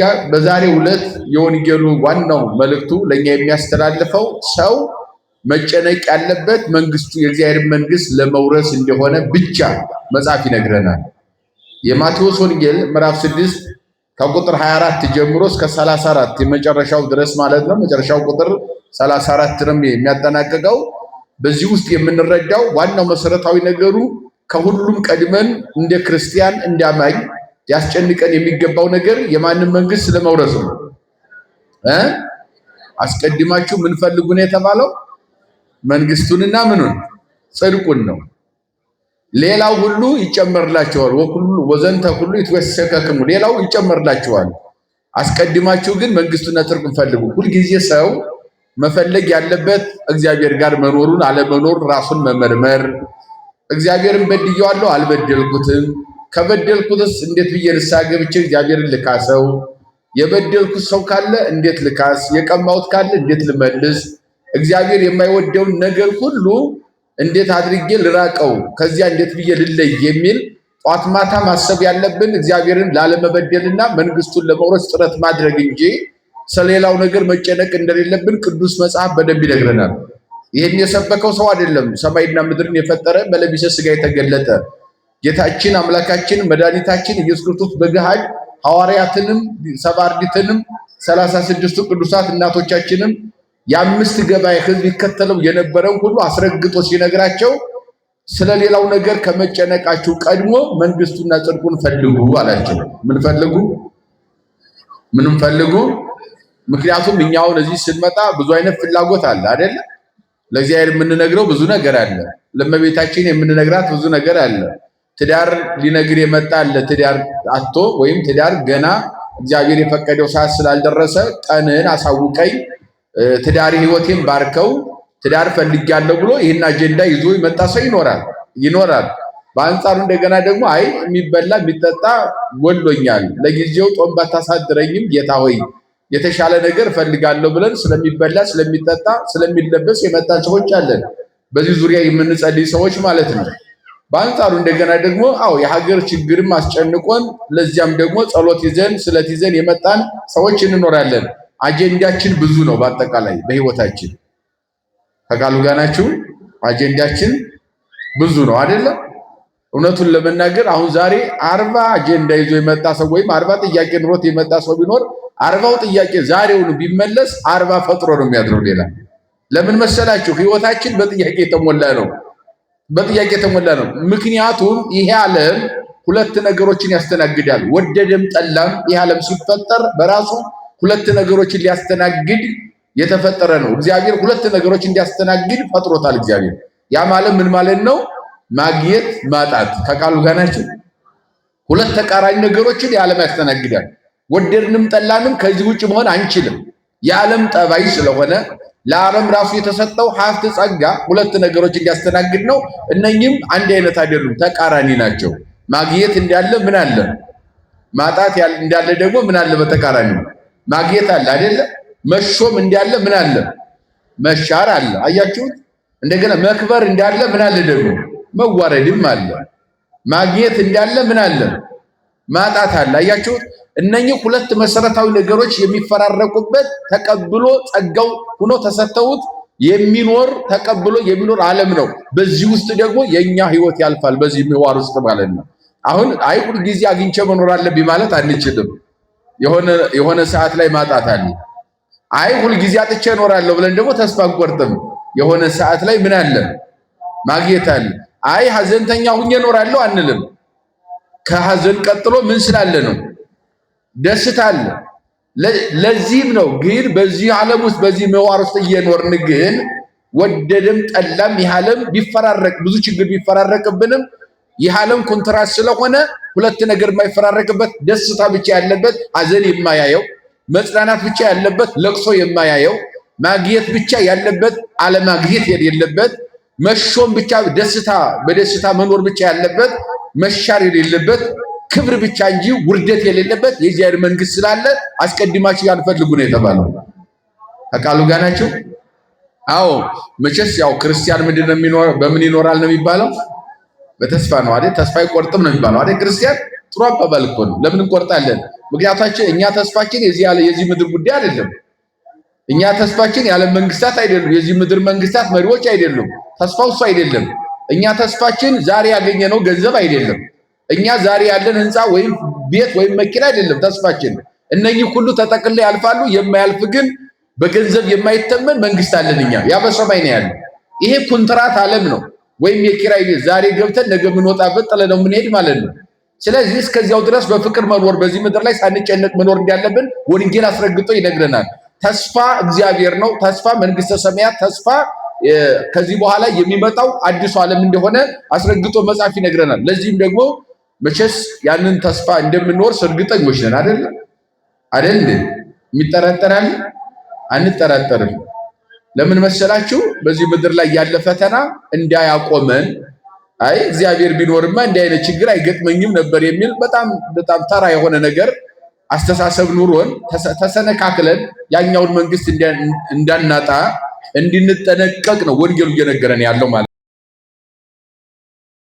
ጋር በዛሬው ዕለት የወንጌሉ ዋናው መልእክቱ ለእኛ የሚያስተላልፈው ሰው መጨነቅ ያለበት መንግስቱ የእግዚአብሔር መንግስት ለመውረስ እንደሆነ ብቻ መጽሐፍ ይነግረናል። የማቴዎስ ወንጌል ምዕራፍ 6 ከቁጥር 24 ጀምሮ እስከ 34 የመጨረሻው ድረስ ማለት ነው። መጨረሻው ቁጥር 34 ነው የሚያጠናቅቀው። በዚህ ውስጥ የምንረዳው ዋናው መሰረታዊ ነገሩ ከሁሉም ቀድመን እንደ ክርስቲያን እንዳማኝ ያስጨንቀን የሚገባው ነገር የማንም መንግስት ስለመውረስ ነው። አስቀድማችሁ ምን ፈልጉ ነው የተባለው? መንግስቱንና ምኑን ጽድቁን ነው። ሌላው ሁሉ ይጨመርላችኋል። ወኩሉ ወዘንተ ሁሉ ይትወሰከክሙ፣ ሌላው ይጨመርላችኋል። አስቀድማችሁ ግን መንግስቱና ጽድቁን ፈልጉ። ሁልጊዜ ሰው መፈለግ ያለበት እግዚአብሔር ጋር መኖሩን አለመኖሩን ራሱን መመርመር፣ እግዚአብሔርን በድየዋለሁ አልበደልኩትም ከበደልኩትስ እንዴት ብዬ ንስሐ ገብቼ እግዚአብሔርን ልካሰው? የበደልኩት ሰው ካለ እንዴት ልካስ? የቀማሁት ካለ እንዴት ልመልስ? እግዚአብሔር የማይወደውን ነገር ሁሉ እንዴት አድርጌ ልራቀው? ከዚያ እንዴት ብዬ ልለይ? የሚል ጧት ማታ ማሰብ ያለብን እግዚአብሔርን ላለመበደልና መንግስቱን ለመውረስ ጥረት ማድረግ እንጂ ስለሌላው ነገር መጨነቅ እንደሌለብን ቅዱስ መጽሐፍ በደንብ ይነግረናል። ይህን የሰበከው ሰው አይደለም፣ ሰማይና ምድርን የፈጠረ በለቢሰ ስጋ የተገለጠ ጌታችን አምላካችን መድኃኒታችን ኢየሱስ ክርስቶስ በገሃድ ሐዋርያትንም ሰባ አርድእትንም ሰላሳ ስድስቱ ቅዱሳት እናቶቻችንም የአምስት ገበያ ሕዝብ ይከተለው የነበረው ሁሉ አስረግጦ ሲነግራቸው ስለሌላው ነገር ከመጨነቃችሁ ቀድሞ መንግስቱና ጽድቁን ፈልጉ አላቸው። ምን ፈልጉ? ምንም ፈልጉ። ምክንያቱም እኛውን እዚህ ስንመጣ ብዙ አይነት ፍላጎት አለ አይደለ? ለእግዚአብሔር የምንነግረው ብዙ ነገር አለ። ለእመቤታችን የምንነግራት ብዙ ነገር አለ። ትዳር ሊነግር የመጣ አለ። ትዳር አቶ ወይም ትዳር ገና እግዚአብሔር የፈቀደው ሰዓት ስላልደረሰ ቀንህን አሳውቀኝ፣ ትዳር ህይወቴን ባርከው፣ ትዳር ፈልጌያለሁ ብሎ ይህን አጀንዳ ይዞ የመጣ ሰው ይኖራል ይኖራል። በአንጻሩ እንደገና ደግሞ አይ የሚበላ የሚጠጣ ወሎኛል፣ ለጊዜው ጦም ባታሳድረኝም ጌታ ሆይ የተሻለ ነገር እፈልጋለሁ ብለን ስለሚበላ ስለሚጠጣ ስለሚለበስ የመጣን ሰዎች አለን። በዚህ ዙሪያ የምንጸልይ ሰዎች ማለት ነው። በአንጻሩ እንደገና ደግሞ አው የሀገር ችግርም አስጨንቆን ለዚያም ደግሞ ጸሎት ይዘን ስለት ይዘን የመጣን ሰዎች እንኖራለን። አጀንዳችን ብዙ ነው። በአጠቃላይ በህይወታችን ከቃሉ ጋር ናችሁ። አጀንዳችን ብዙ ነው አይደለም? እውነቱን ለመናገር አሁን ዛሬ አርባ አጀንዳ ይዞ የመጣ ሰው ወይም አርባ ጥያቄ ኑሮት የመጣ ሰው ቢኖር አርባው ጥያቄ ዛሬውን ቢመለስ አርባ ፈጥሮ ነው የሚያድረው። ሌላ ለምን መሰላችሁ? ህይወታችን በጥያቄ የተሞላ ነው። በጥያቄ የተሞላ ነው። ምክንያቱም ይሄ ዓለም ሁለት ነገሮችን ያስተናግዳል። ወደደም ጠላም ይሄ ዓለም ሲፈጠር በራሱ ሁለት ነገሮችን ሊያስተናግድ የተፈጠረ ነው። እግዚአብሔር ሁለት ነገሮች እንዲያስተናግድ ፈጥሮታል። እግዚአብሔር ያ ማለት ምን ማለት ነው? ማግኘት፣ ማጣት ከቃሉ ጋር ናቸው። ሁለት ተቃራኒ ነገሮችን የዓለም ያስተናግዳል። ወደድንም ጠላንም ከዚህ ውጭ መሆን አንችልም። የዓለም ጠባይ ስለሆነ ለዓለም ራሱ የተሰጠው ሀብት ጸጋ ሁለት ነገሮች እንዲያስተናግድ ነው። እነኚህም አንድ አይነት አይደሉም፣ ተቃራኒ ናቸው። ማግኘት እንዳለ ምን አለ፣ ማጣት እንዳለ ደግሞ ምን አለ፣ በተቃራኒ ማግኘት አለ አይደለ? መሾም እንዳለ ምን አለ፣ መሻር አለ። አያችሁት? እንደገና መክበር እንዳለ ምን አለ፣ ደግሞ መዋረድም አለ። ማግኘት እንዳለ ምን አለ፣ ማጣት አለ። አያችሁት? እነኚህ ሁለት መሰረታዊ ነገሮች የሚፈራረቁበት ተቀብሎ ጸጋው ሆኖ ተሰጥተውት የሚኖር ተቀብሎ የሚኖር ዓለም ነው። በዚህ ውስጥ ደግሞ የኛ ህይወት ያልፋል። በዚህ ምህዋር ውስጥ ማለት ነው። አሁን አይ ሁል ጊዜ አግኝቼ መኖር አለብኝ ማለት አንችልም። የሆነ የሆነ ሰዓት ላይ ማጣት አለ። አይ ሁል ጊዜ አጥቼ እኖራለሁ ብለን ደግሞ ተስፋ አንቆርጥም። የሆነ ሰዓት ላይ ምን አለ ማግኘት አለ። አይ ሀዘንተኛ ሁኜ እኖራለሁ አንልም። ከሀዘን ቀጥሎ ምን ስላለ ነው ደስታ አለ። ለዚህም ነው ግን በዚህ ዓለም ውስጥ በዚህ ምህዋር ውስጥ እየኖርን ግን ወደድም ጠላም ይህ ዓለም ቢፈራረቅ ብዙ ችግር ቢፈራረቅብንም ይህ ዓለም ስለሆነ ሁለት ነገር የማይፈራረቅበት ደስታ ብቻ ያለበት ሐዘን የማያየው መጽናናት ብቻ ያለበት ለቅሶ የማያየው ማግኘት ብቻ ያለበት አለማግኘት የሌለበት መሾም ብቻ ደስታ በደስታ መኖር ብቻ ያለበት መሻር የሌለበት ክብር ብቻ እንጂ ውርደት የሌለበት የእግዚአብሔር መንግስት ስላለ አስቀድማችሁ ያልፈልጉ ነው የተባለው። ከቃሉ ጋር ናቸው። አዎ መቼስ ያው ክርስቲያን ምንድን ነው የሚኖረው? በምን ይኖራል ነው የሚባለው? በተስፋ ነው አይደል? ተስፋ ይቆርጥም ነው የሚባለው አይደል? ክርስቲያን ጥሩ አባባል እኮ ነው። ለምን እንቆርጣለን? ምክንያታችን እኛ ተስፋችን የዚህ የዚህ ምድር ጉዳይ አይደለም። እኛ ተስፋችን የዓለም መንግስታት አይደሉም። የዚህ ምድር መንግስታት መሪዎች አይደሉም። ተስፋው እሱ አይደለም። እኛ ተስፋችን ዛሬ ያገኘነው ገንዘብ አይደለም። እኛ ዛሬ ያለን ህንፃ ወይም ቤት ወይም መኪና አይደለም ተስፋችን። እነኚህ ሁሉ ተጠቅልለው ያልፋሉ። የማያልፍ ግን በገንዘብ የማይተመን መንግስት አለን እኛ። ያ በሰማይ ነው ያለ። ይሄ ኩንትራት ዓለም ነው ወይም የኪራይ ቤት። ዛሬ ገብተን ነገ የምንወጣበት ጥለ ነው የምንሄድ ማለት ነው። ስለዚህ እስከዚያው ድረስ በፍቅር መኖር በዚህ ምድር ላይ ሳንጨነቅ መኖር እንዳለብን ወንጌል አስረግጦ ይነግረናል። ተስፋ እግዚአብሔር ነው። ተስፋ መንግስተ ሰማያት ተስፋ ከዚህ በኋላ የሚመጣው አዲሱ ዓለም እንደሆነ አስረግጦ መጽሐፍ ይነግረናል። ለዚህም ደግሞ መቼስ ያንን ተስፋ እንደምንወርስ እርግጠኞች ነን አይደል? አይደል? የሚጠራጠራል? አንጠራጠርም። ለምን መሰላችሁ? በዚህ ምድር ላይ ያለ ፈተና እንዳያቆመን አይ እግዚአብሔር ቢኖርማ እንዲህ አይነት ችግር አይገጥመኝም ነበር የሚል በጣም በጣም ተራ የሆነ ነገር አስተሳሰብ ኑሮን ተሰነካክለን ያኛውን መንግስት እንዳናጣ እንድንጠነቀቅ ነው ወንጌሉ እየነገረን ያለው ማለት